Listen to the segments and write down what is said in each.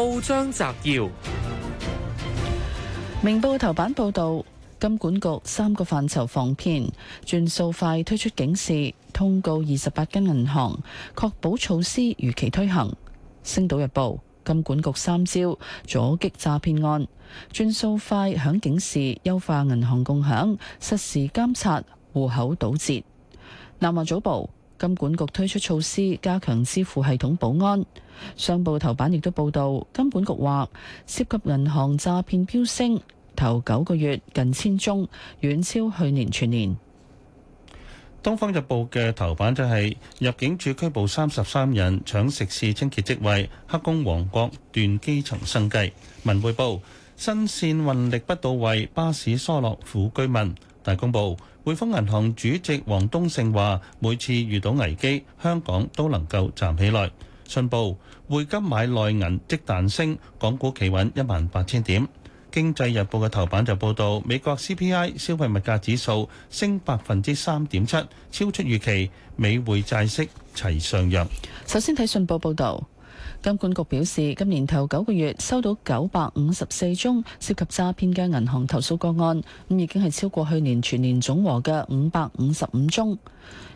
報章摘要：明報頭版報道，金管局三個範疇防騙，轉數快推出警示，通告，二十八間銀行確保措施如期推行。星島日報，金管局三招阻擊詐騙案，轉數快響警示，優化銀行共享，實時監察戶口堵截。南華早報。金管局推出措施加強支付系統保安。商報頭版亦都報道，金管局話涉及銀行詐騙飆升，頭九個月近千宗，遠超去年全年。東方日報嘅頭版就係入境處拘捕三十三人搶食肆清潔職位，黑工王國斷基層生計。文匯報新線運力不到位，巴士疏落苦居民。大公報，匯豐銀行主席王冬勝話：每次遇到危機，香港都能夠站起來。信報，匯金買內銀即彈升，港股企穩一萬八千點。經濟日報嘅頭版就報道，美國 CPI 消費物價指數升百分之三點七，超出預期，美匯債息齊上揚。首先睇信報報道。金管局表示，今年頭九個月收到九百五十四宗涉及詐騙嘅銀行投訴個案，咁已經係超過去年全年總和嘅五百五十五宗。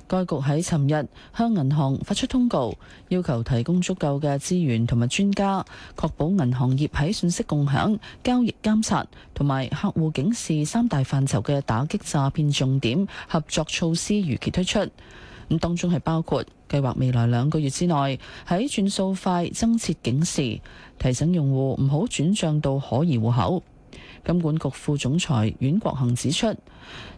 該局喺尋日向銀行發出通告，要求提供足夠嘅資源同埋專家，確保銀行業喺信息共享、交易監察同埋客戶警示三大範疇嘅打擊詐騙重點，合作措施如期推出。咁當中係包括。計劃未來兩個月之內，喺轉數快增設警示，提醒用戶唔好轉賬到可疑戶口。金管局副總裁阮國恒指出，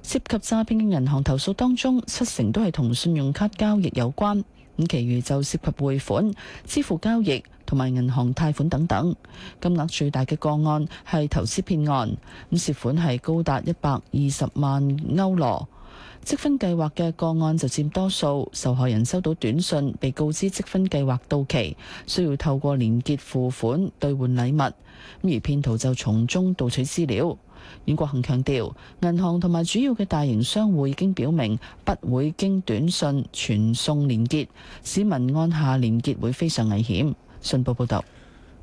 涉及詐騙嘅銀行投訴當中，七成都係同信用卡交易有關，咁其餘就涉及匯款、支付交易同埋銀行貸款等等。金額最大嘅個案係投資騙案，咁涉款係高達一百二十萬歐羅。積分計劃嘅個案就佔多數，受害人收到短信被告知積分計劃到期，需要透過連結付款兌換禮物，咁而騙徒就從中盜取資料。阮國恒強調，銀行同埋主要嘅大型商戶已經表明不會經短信傳送連結，市民按下連結會非常危險。信報報道。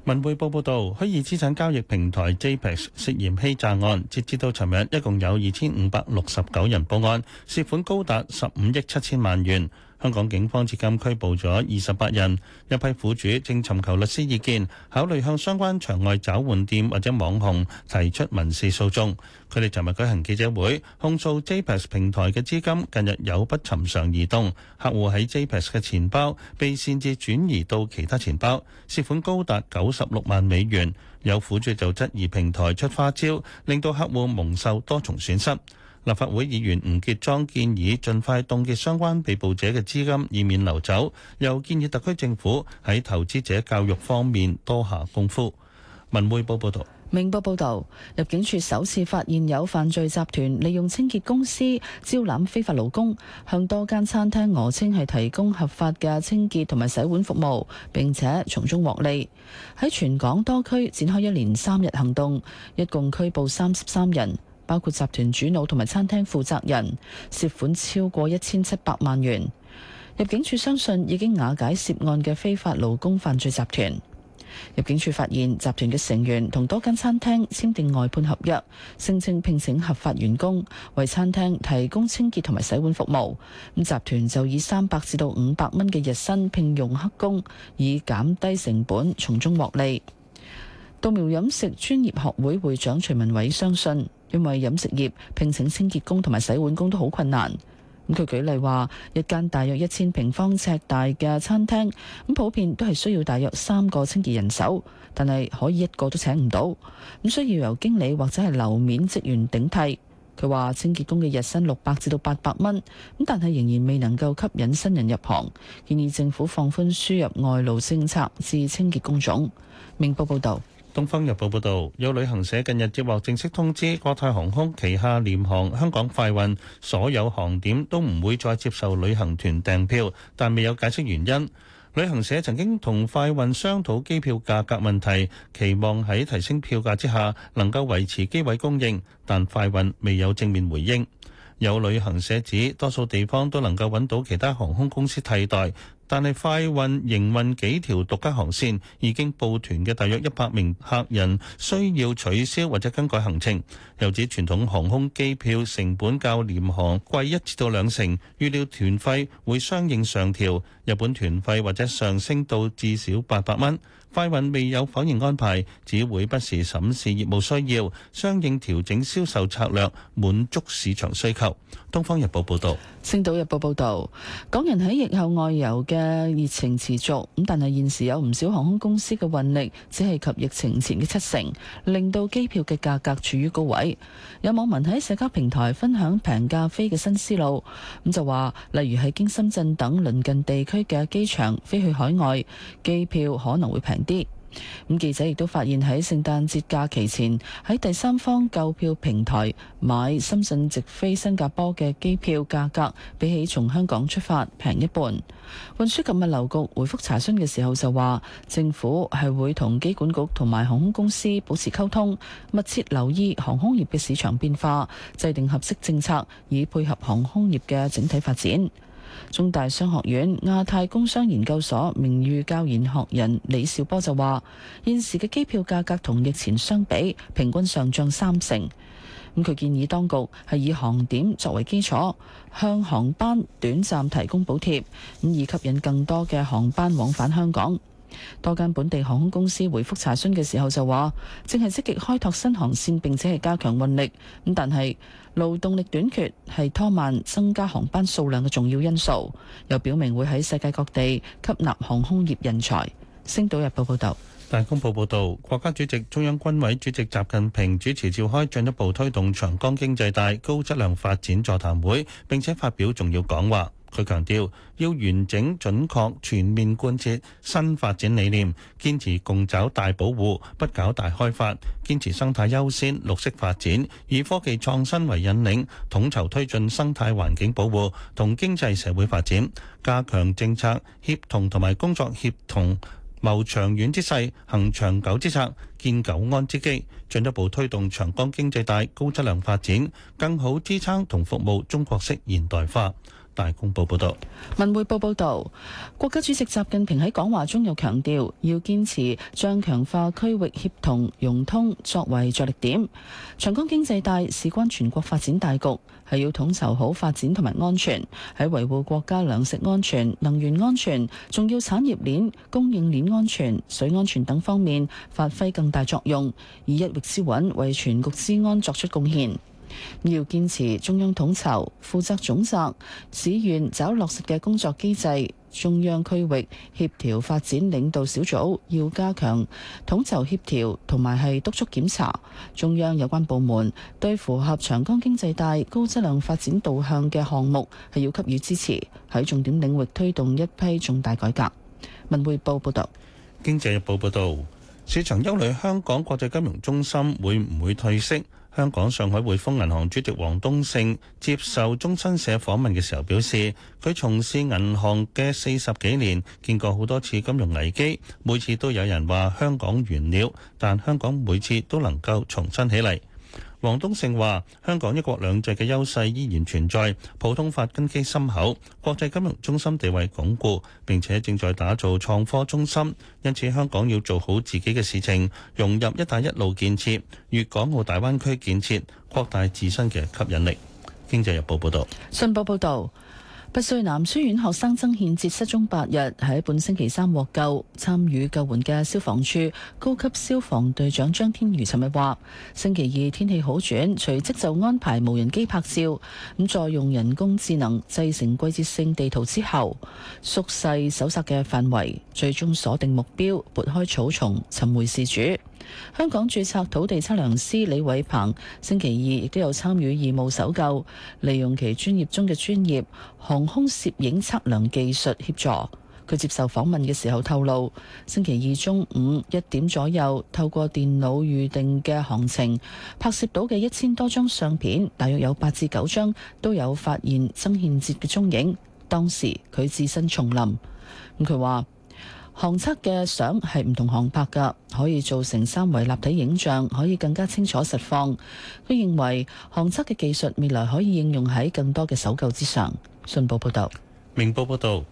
文匯報報道，虛擬資產交易平台 JPEX 涉嫌欺詐案，截至到尋日，一共有二千五百六十九人報案，涉款高達十五億七千萬元。香港警方至今拘捕咗二十八人，一批苦主正尋求律師意見，考慮向相關場外找換店或者網紅提出民事訴訟，佢哋尋日舉行記者會控訴 JPEX 平台嘅資金近日有不尋常移動，客戶喺 JPEX 嘅錢包被擅自轉移到其他錢包，涉款高達九十六萬美元。有苦主就質疑平台出花招，令到客戶蒙受多重損失。立法會議員吳傑莊建議盡快凍結相關被捕者嘅資金，以免流走。又建議特區政府喺投資者教育方面多下功夫。文匯報報道，明報報道，入境處首次發現有犯罪集團利用清潔公司招攬非法勞工，向多間餐廳訛稱係提供合法嘅清潔同埋洗碗服務，並且從中獲利。喺全港多區展開一連三日行動，一共拘捕三十三人，包括集團主腦同埋餐廳負責人，涉款超過一千七百萬元。入境處相信已經瓦解涉案嘅非法勞工犯罪集團。入境處發現集團嘅成員同多間餐廳簽訂外判合約，聲稱聘請合法員工為餐廳提供清潔同埋洗碗服務。咁集團就以三百至到五百蚊嘅日薪聘用黑工，以減低成本，從中獲利。稻苗飲食專業學會會長徐文偉相信。因為飲食業聘請清潔工同埋洗碗工都好困難。咁佢舉例話，一間大約一千平方尺大嘅餐廳，咁普遍都係需要大約三個清潔人手，但係可以一個都請唔到。咁需要由經理或者係樓面職員頂替。佢話清潔工嘅日薪六百至到八百蚊，咁但係仍然未能夠吸引新人入行。建議政府放寬輸入外勞政策至清潔工種。明報報導。《東方日報》報道，有旅行社近日接獲正式通知，國泰航空旗下廉航香港快運所有航點都唔會再接受旅行團訂票，但未有解釋原因。旅行社曾經同快運商討機票價格問題，期望喺提升票價之下能夠維持機位供應，但快運未有正面回應。有旅行社指，多數地方都能夠揾到其他航空公司替代。但係快運營運幾條獨家航線，已經報團嘅大約一百名客人需要取消或者更改行程，又指傳統航空機票成本較廉航貴一至到兩成，預料團費會相應上調，日本團費或者上升到至，至少八百蚊。快運未有否認安排，只會不時審視業務需要，相應調整銷售策略，滿足市場需求。《東方日報》報導，《星島日報》報導，港人喺疫後外遊嘅熱情持續，咁但係現時有唔少航空公司嘅運力只係及疫情前嘅七成，令到機票嘅價格處於高位。有網民喺社交平台分享平價飛嘅新思路，咁就話例如喺經深圳等鄰近地區嘅機場飛去海外，機票可能會平。啲咁，記者亦都發現喺聖誕節假期前，喺第三方購票平台買深圳直飛新加坡嘅機票，價格比起從香港出發平一半。運輸及物流局回覆查詢嘅時候就話，政府係會同機管局同埋航空公司保持溝通，密切留意航空業嘅市場變化，制定合適政策，以配合航空業嘅整體發展。中大商學院亞太工商研究所名譽教研學人李兆波就話，現時嘅機票價格同疫前相比，平均上漲三成。咁、嗯、佢建議當局係以航點作為基礎，向航班短暫提供補貼，咁以吸引更多嘅航班往返香港。多間本地航空公司回覆查詢嘅時候就話，正係積極開拓新航線，并且係加強運力。咁但係勞動力短缺係拖慢增加航班數量嘅重要因素，又表明會喺世界各地吸納航空業人才。星島日報報道。大公報報道，國家主席、中央軍委主席習近平主持召開進一步推動長江經濟帶高質量發展座談會，并且發表重要講話。佢強調要完整準確全面貫徹新發展理念，堅持共抓大保護、不搞大開發，堅持生態優先、綠色發展，以科技創新為引領，統籌推進生態環境保護同經濟社會發展，加強政策協同同埋工作協同，謀長遠之勢、行長久之策、建久安之機，進一步推動長江經濟帶高質量發展，更好支撐同服務中國式現代化。大公報報道，文匯報報道，國家主席習近平喺講話中又強調，要堅持將強化區域協同融通作為着力點。長江經濟帶事關全國發展大局，係要統籌好發展同埋安全，喺維護國家糧食安全、能源安全、重要產業鏈、供應鏈安全、水安全等方面發揮更大作用，以一域之穩為全局之安作出貢獻。要堅持中央統籌、負責總責、市縣抓落實嘅工作機制。中央區域協調發展領導小組要加強統籌協調同埋係督促檢查。中央有關部門對符合長江經濟帶高質量發展導向嘅項目係要給予支持，喺重點領域推動一批重大改革。文匯報報道，經濟日報報道。市場憂慮香港國際金融中心會唔會退色？香港上海匯豐銀行主席王冬勝接受中新社訪問嘅時候表示，佢從事銀行嘅四十幾年，見過好多次金融危機，每次都有人話香港完了，但香港每次都能夠重新起嚟。黃東勝話：香港一國兩制嘅優勢依然存在，普通法根基深厚，國際金融中心地位鞏固，並且正在打造創科中心，因此香港要做好自己嘅事情，融入一帶一路建設、粵港澳大灣區建設，擴大自身嘅吸引力。經濟日報報道，信報報道。八歲男書院學生曾憲哲失蹤八日，喺本星期三獲救。參與救援嘅消防處高級消防隊長張天如尋日話：星期二天氣好轉，隨即就安排無人機拍照，咁再用人工智能製成規製成季節性地圖之後，縮細搜索嘅範圍，最終鎖定目標，撥開草叢尋回事主。香港註冊土地測量師李偉鵬星期二亦都有參與義務搜救，利用其專業中嘅專業，航空攝影測量技術協助佢接受訪問嘅時候透露，星期二中午一點左右透過電腦預定嘅行程拍攝到嘅一千多張相片，大約有八至九張都有發現曾憲哲嘅蹤影。當時佢置身叢林咁，佢話航測嘅相係唔同航拍噶，可以做成三維立體影像，可以更加清楚實況。佢認為航測嘅技術未來可以應用喺更多嘅搜救之上。信報報道，明報報道，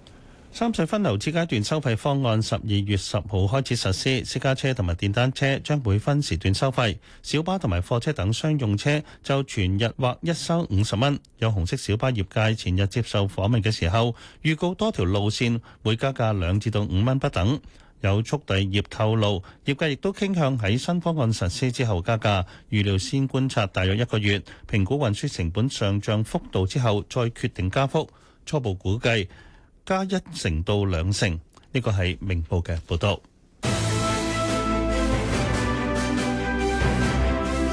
三隧分流次階段收費方案十二月十號開始實施，私家車同埋電單車將會分時段收費，小巴同埋貨車等商用車就全日劃一收五十蚊。有紅色小巴業界前日接受訪問嘅時候，預告多條路線會加價兩至到五蚊不等。有速遞業透露，業界亦都傾向喺新方案實施之後加價，預料先觀察大約一個月，評估運輸成本上漲幅度之後再決定加幅，初步估計加一成到兩成。呢個係明報嘅報道。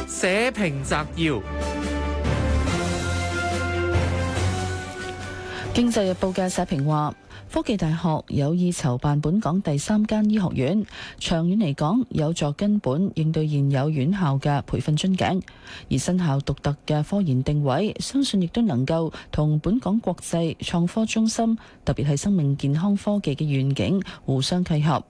社評摘要：經濟日報嘅社評話。科技大學有意籌辦本港第三間醫學院，長遠嚟講有助根本應對現有院校嘅培訓樽頸，而新校獨特嘅科研定位，相信亦都能夠同本港國際創科中心，特別係生命健康科技嘅願景互相契合。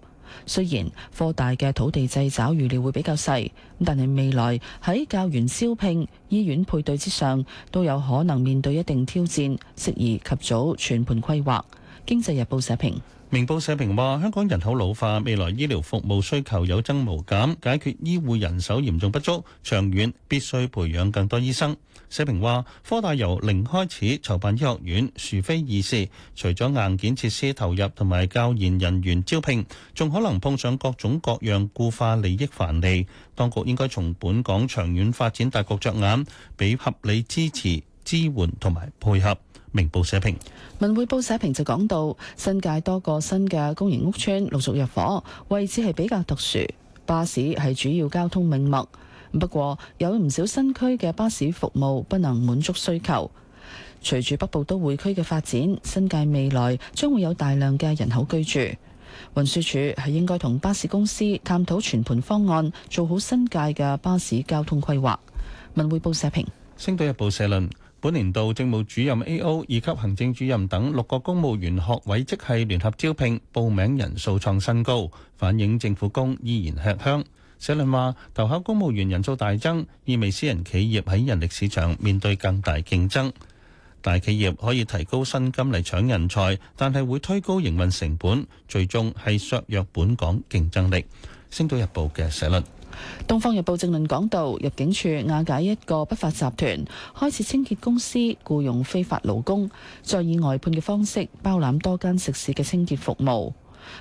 雖然科大嘅土地掣肘預料會比較細，但係未來喺教員招聘、醫院配對之上都有可能面對一定挑戰，適宜及早全盤規劃。經濟日報社評，明報社評話香港人口老化，未來醫療服務需求有增無減，解決醫護人手嚴重不足，長遠必須培養更多醫生。社評話科大由零開始籌辦醫學院，殊非易事。除咗硬件設施投入同埋教研人員招聘，仲可能碰上各種各樣固化利益藩籬。當局應該從本港長遠發展大局着眼，俾合理支持。支援同埋配合。明報社評，文匯報社評就講到新界多個新嘅公營屋邨陸續入伙，位置係比較特殊，巴士係主要交通命脈。不過有唔少新區嘅巴士服務不能滿足需求。隨住北部都會區嘅發展，新界未來將會有大量嘅人口居住。運輸署係應該同巴士公司探討全盤方案，做好新界嘅巴士交通規劃。文匯報社評，星島日報社論。本年度政務主任、A.O. 二級行政主任等六個公務員學位職系聯合招聘，報名人數創新高，反映政府工依然吃香。社論話，投考公務員人數大增，意味私人企業喺人力市場面對更大競爭。大企業可以提高薪金嚟搶人才，但係會推高營運成本，最終係削弱本港競爭力。星島日報嘅社論。《東方日報》正論講到入境處瓦解一個不法集團，開設清潔公司僱傭非法勞工，再以外判嘅方式包攬多間食肆嘅清潔服務。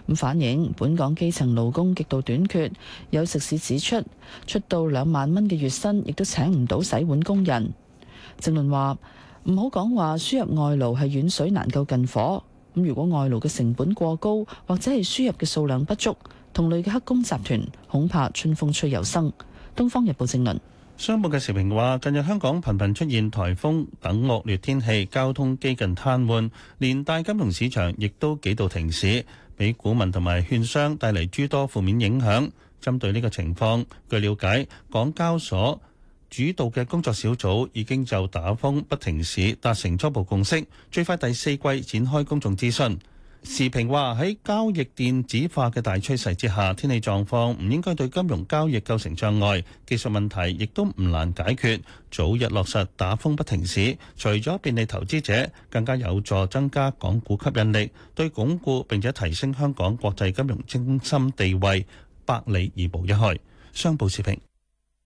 咁反映本港基層勞工極度短缺，有食肆指出出到兩萬蚊嘅月薪，亦都請唔到洗碗工人。正論話唔好講話，輸入外勞係遠水難救近火，咁如果外勞嘅成本過高，或者係輸入嘅數量不足。同類嘅黑工集團恐怕春風吹又生東方日報正論商報嘅時評話近日香港頻頻出現台風等惡劣天氣交通幾近癱瘓連帶金融市場亦都幾度停市畀股民同埋券商帶嚟諸多負面影響針對呢個情況據了解港交所主導嘅工作小組已經就打風不停市達成初步共識最快第四季展開公眾諮詢時評話喺交易電子化嘅大趨勢之下，天氣狀況唔應該對金融交易構成障礙，技術問題亦都唔難解決。早日落實打風不停市，除咗便利投資者，更加有助增加港股吸引力，對鞏固並且提升香港國際金融中心地位，百利而無一害。商報時評。